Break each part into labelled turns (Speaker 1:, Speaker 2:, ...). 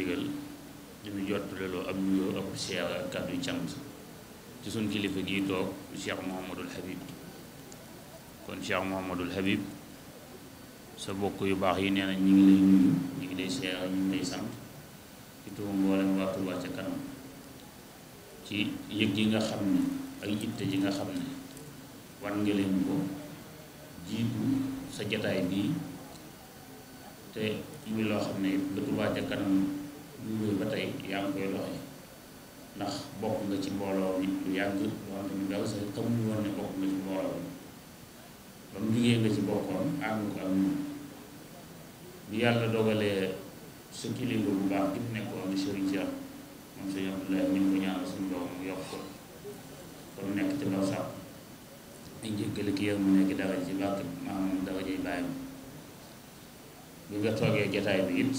Speaker 1: digal di ñu jot leloo ab nuyoo ak siyaara ak kàddu cant ci suñ kilifa gi toog Cheikh Mouhamadul Habib kon Cheikh Mouhamadul Habib sa bokk yu baax yi nee na ñu ngi lay nuyu ñu ngi lay siyaara ñu ngi sant ci turam mboolem waa Touba ca kanam ci yëg yi nga xam ne ak yitte ji nga xam ne war nga leen sa jataay bii te muy loo xam ne ba Touba kanam loolu ba tey yaa ngi koy looy ndax bokk nga ci mbooloo mi lu yàgg loo xam ne ñu ndaw sax woon ne bokk nga ci mbooloo mi ba mu jugee nga ci bokkoon ànd ko ak ñun bi yàlla dogalee sa kilifa bu mu nekkoon ko ñaanal mu nekk ci law sax ñu jéggale ki yow mu nekk dara ci bàkk maam moom dara jiy bàyyi bi nga toogee jataay bi it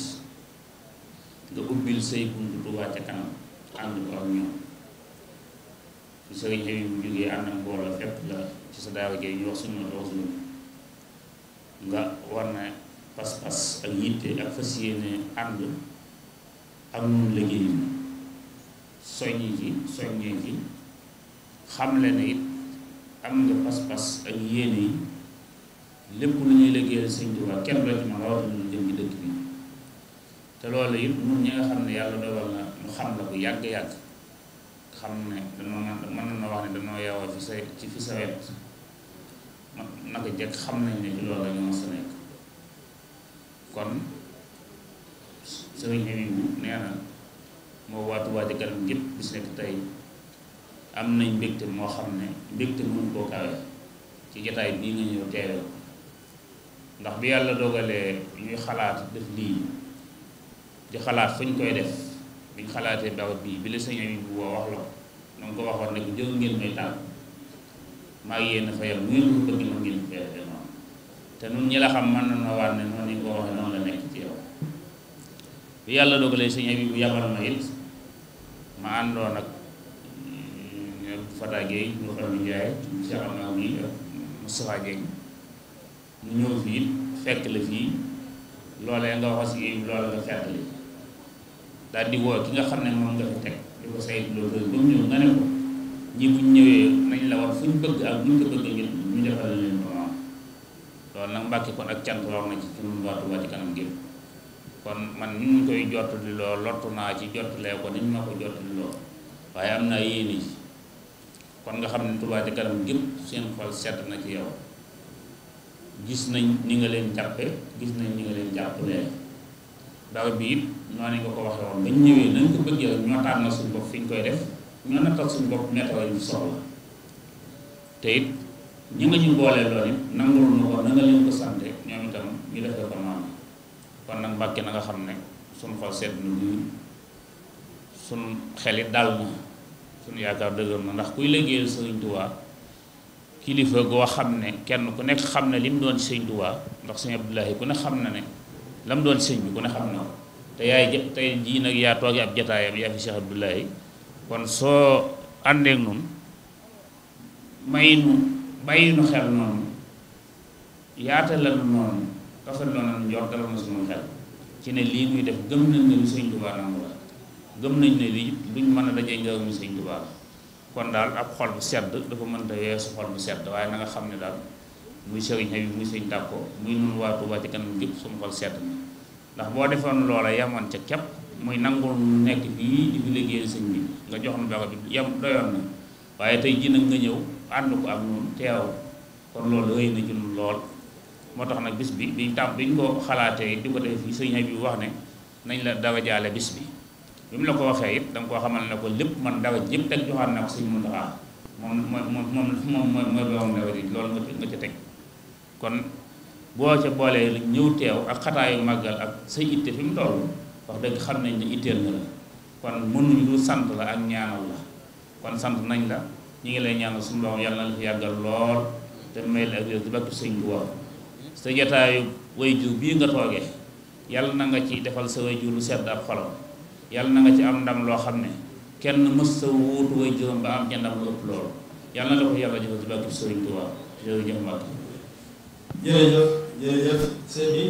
Speaker 1: nga ubbil say bunt Tuubaa ca kanam ànd ko ak ñoom bi sëriñ xëy bu jógee ànd la wax suñu la wax suñu nga war na pas-pas ak yitte ak fas yéene ànd ak ñun liggéey bi soññi ji soññee ji xamle na it am pas-pas ak yéene yi lépp lu ñuy liggéeyal sëñ Tuubaa kenn la ci ma rawatina lu jëm ci dëkk bi te loolu it ñun ñi nga xam ne yàlla dogal na ñu xam la bu yàgg-yàgg xam ne danoo mën na wax ne danoo yeewoo fi sa ci fi sa wet naka jëkk xam nañ ne ci loolu la ñu mos nekk kon sëriñ bi nee na moo am nañ mbégte moo xam ne mbégte mënu koo kawe ci jataay bii nga ñëw teewee ndax bi yàlla dogalee ñuy xalaat def lii di xalaat fu ñu koy def bi ñu xalaatee daaw bii bi la sëñ bi bu woo wax la ko noonu te nun ñi xam mën na noo waat ne noonu ko waxee noonu nekk ci yow bi yàlla dogalee sëñ bu yabal ma it ma àndoon ak ñoom mm, ne Ndiaye Cheikh Amadou Gueye fii fekk la fii loolee nga wax si loola nga fekk la daal di woo ki nga xam ne moom nga fi teg di ko saytu loolu ba mu ñëw nag mbàkki kon na ci ci waa Touba ci kanam ñu koy jottali loo naa ci jottalee ko niñ ma ko waaye am naa yéene kon nga xam ne Touba ci kanam gépp seen xol sedd ci yow gis nañ ni nga leen jàppe gis nañ ni nga leen jàppalee daaw bi it noonu nga ko waxee woon ñu ñëwee nañ ko bëggee ñoo taal na suñu bopp fi ñu koy def ñoo nattal suñu bopp météo yi ñu soxla te nga ñu boolee loolu it nangul nu na nga leen ko nag mbàkke na nga xam ne suñu xol sedd na ñu suñ xel dal na suñu yaakaar dëgër ma ndax kuy liggéeyal sëriñ Tuubaa kilifa goo xam ne kenn ku nekk xam ne li doon sëriñ Tuubaa ndox sëriñ Abdoulahi ku ne xam na ne la mu doon sëñ bi ku ne xam na te yaay tey jii nag yaa toog ab jataayam yaa fi Cheikh Abdoulaye kon soo àndeek noonu may nu bàyyi nu xel noonu yaatalal noonu rafet noonu njortalal na sunu xel ci ne lii muy def gëm nañ ne lu sëñ lii luñ mën a dajee nga mu sëñ Tuubaa kon daal ab xol bu sedd dafa mënta yeesu xol bu sedd waaye na nga xam ne daal muy sëriñ xew yi muy sëriñ tàkko muy nun waa Tuuba ci kanam gépp suñu xol sedd na ndax boo defoon loola yamoon ca cap muy nangul nekk fii di fi liggéeyal sëñ bi nga jox nu baro bi yam na waaye tey jii nag nga ñëw ko ak ñun teew kon loolu na lool moo tax nag bis bi bi tàmm biñ ko xalaatee di ko def fii sëriñ xew bi wax ne nañ la dara jaale bis bi bi na la ko waxee it danga koo xamal ne ko lépp man dara yëpp teg joxaat naa ko sëñ Muntaxa moom moom moom moom mooy borom nawet yi loolu nga nga ca teg kon boo ca boolee lu ñëw teew ak xataayu màggal ak sa itte fi mu toll wax dëgg xam nañ ne itteel na la kon mënuñ lu sant la ak ñaanal la kon sant nañ la ñu ngi lay ñaanal suñu borom yàlla na la yàggal lool te may la ak wér di bakki bi nga toogee yàlla na nga ci defal sa wayjur lu sedd ak xolam yàlla na nga ci am ndam loo xam ne kenn mës sa wuutu wayjuram ba am ca lu ëpp loolu yàlla na la ko yàlla defal di bakki sëñ bi war jërëjëf Mbacke jërëjëf jërëjëf sëñ bi